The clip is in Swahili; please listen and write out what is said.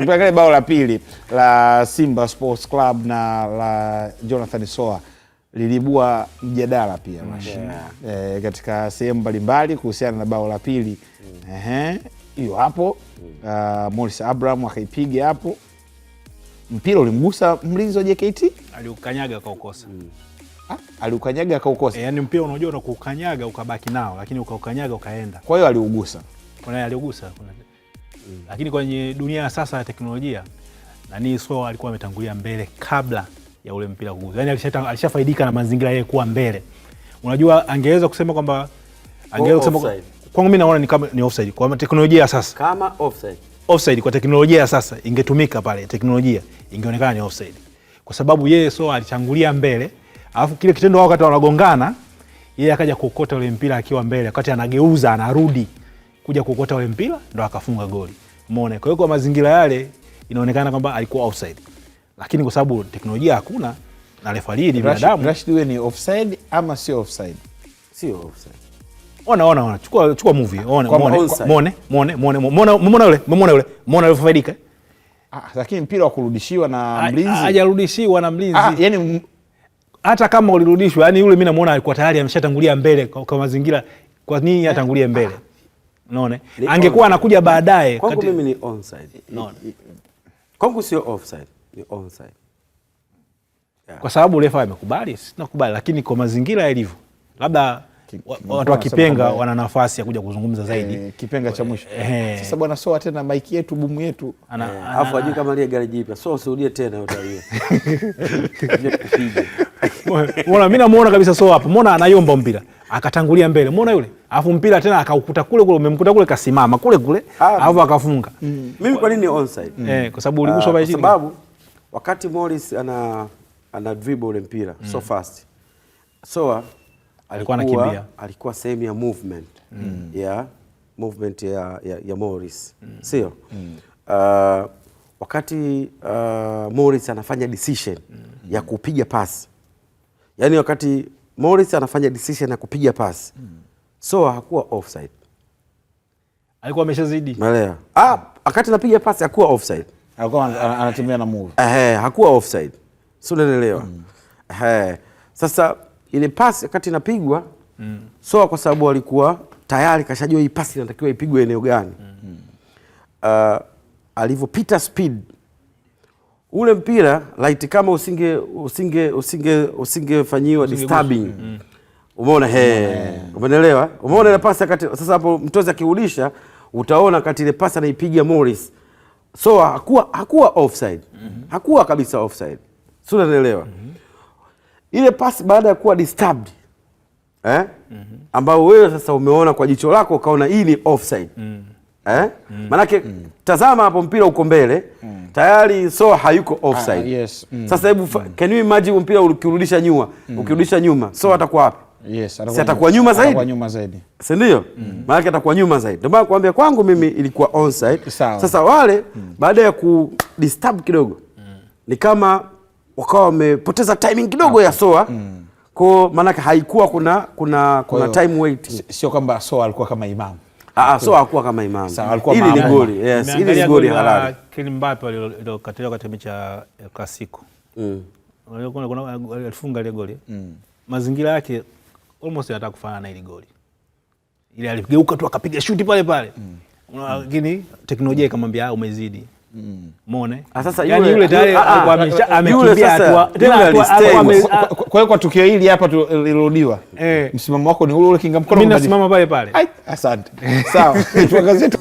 Tukiangalia bao la pili la Simba Sports Club na la Jonathan Soa liliibua mjadala pia mashina mm -hmm. e, katika sehemu mbalimbali kuhusiana na bao la pili mm. hiyo. Mm. Hapo uh, Morris Abraham akaipiga hapo, mpira ulimgusa mlinzi wa JKT, aliukanyaga kaukosa. Mm. Ah, aliukanyaga akaukosa. E, eh, yani mpira unajua unakukanyaga ukabaki nao, lakini ukaukanyaga ukaenda. Kwa hiyo aliugusa, aliugusa kuna Mm. Lakini kwenye dunia ya sasa ya teknolojia nani so alikuwa ametangulia mbele kabla ya ule mpira kugusa, yani alishafaidika na mazingira yeye kuwa mbele. Unajua, angeweza kusema kwamba angeweza kusema kwangu mimi naona ni kama ni offside kwa teknolojia ya sasa, kama offside offside kwa teknolojia ya sasa ingetumika pale, teknolojia ingeonekana ni offside kwa sababu yeye so alichangulia mbele, alafu kile kitendo wakati wanagongana yeye akaja kuokota ule mpira akiwa mbele, wakati anageuza anarudi kuja kuokota ule mpira ndo akafunga goli umeona. Kwa hiyo kwa mazingira yale inaonekana kwamba alikuwa offside, lakini kwa sababu teknolojia hakuna na refari ni binadamu. Rashid, wewe ni offside ama sio offside? Sio offside. Ona, ona, ona, chukua chukua movie, ona, mone, mone, mone, mone, mone, mone yule, mone yule, mone yule faidika. Ah, lakini mpira wa kurudishiwa na mlinzi hajarudishiwa na mlinzi, Ah, yani hata kama ulirudishwa, yani yule mimi namuona alikuwa tayari ameshatangulia mbele kwa, kwa mazingira. Kwa nini eh, atangulie mbele? Ah, Unaona? Angekuwa anakuja baadaye. Kwangu mimi ni onside. Unaona? Kwangu sio offside, ni onside. Yeah. Kwa sababu refa amekubali, sina kubali, lakini kwa mazingira yalivyo labda watu wa Kipenga wana nafasi ya kuja kuzungumza zaidi. E, Kipenga cha mwisho e. Sasa bwana Soa tena maiki yetu bumu yetu, afu ajui kama ile gari jipya so usirudie tena utalia. Mbona mimi namuona kabisa Soa hapo, mbona anayomba mpira akatangulia mbele, umeona yule, alafu mpira tena akaukuta kule kule, umemkuta kule kasimama kule kule, ah. alafu akafunga. Mm. Mimi kwa nini onside? Mm. Eh, kwa sababu ah, uliguswa kwa sababu wakati Morris ana ana dribble ule mpira mm. so fast so ah, alikuwa anakimbia, alikuwa sehemu ya movement mm. ya movement ya, ya, ya Morris mm. sio mm. Uh, wakati uh, Morris anafanya decision mm. ya kupiga pasi, yani wakati Morris anafanya decision ya kupiga pasi hmm. so hakuwa offside, alikuwa ameshazidi malea ah, wakati anapiga pasi hakuwa offside, alikuwa anatumia na move eh, hakuwa offside, sio unaelewa hmm. eh, sasa ile pasi wakati inapigwa mm. so kwa sababu alikuwa tayari kashajua hii pasi inatakiwa ipigwe eneo gani mm. uh, alivyopita speed ule mpira light kama usinge usinge usinge usingefanyiwa disturbing mm. Umeona he, yeah. umeelewa? Umeona ile pasi kati. Sasa hapo mtozi akirudisha, utaona kati ile pasi anaipiga Morris, so hakuwa hakuwa offside mm -hmm. hakuwa kabisa offside, sio unaelewa? mm -hmm. ile pasi baada ya kuwa disturbed eh, mm -hmm. ambao wewe sasa umeona kwa jicho lako ukaona hii ni offside mm eh? mm. Manake mm. tazama hapo mpira uko mbele mm. tayari so hayuko ah, offside. Ah, yes. mm. Sasa hebu mm. can you imagine mpira ukirudisha nyuma mm. ukirudisha nyuma so mm. atakuwa wapi? Yes, atakuwa, si atakuwa nyuma zaidi, atakuwa nyuma zaidi, si ndio? mm. Maanake atakuwa nyuma zaidi, ndio maana kuambia kwangu mimi ilikuwa onside. Sawa. Sasa wale mm. baada ya ku disturb kidogo mm. ni kama wakawa wamepoteza timing kidogo okay. ya soa mm. kwa maanake haikuwa kuna kuna kuna time waiting, sio kwamba soa alikuwa kama imamu Ah, ah, so hakuwa kama imamu. Hili ni goli. Yes, hili ni goli halali. Kylian Mbappe alilokatiliwa katika mechi ya Clasico. Mm. Alifunga ile goli. Mm. Mazingira yake almost yanataka kufanana na ile goli. Ile aligeuka tu akapiga shuti pale pale. Mm. Lakini teknolojia ikamwambia ah, umezidi. Muone. Kwa tukio hili hapa lilirudiwa eh. msimamo wako ni ule ule kinga mkono. pale Asante. Sawa. Tuangazie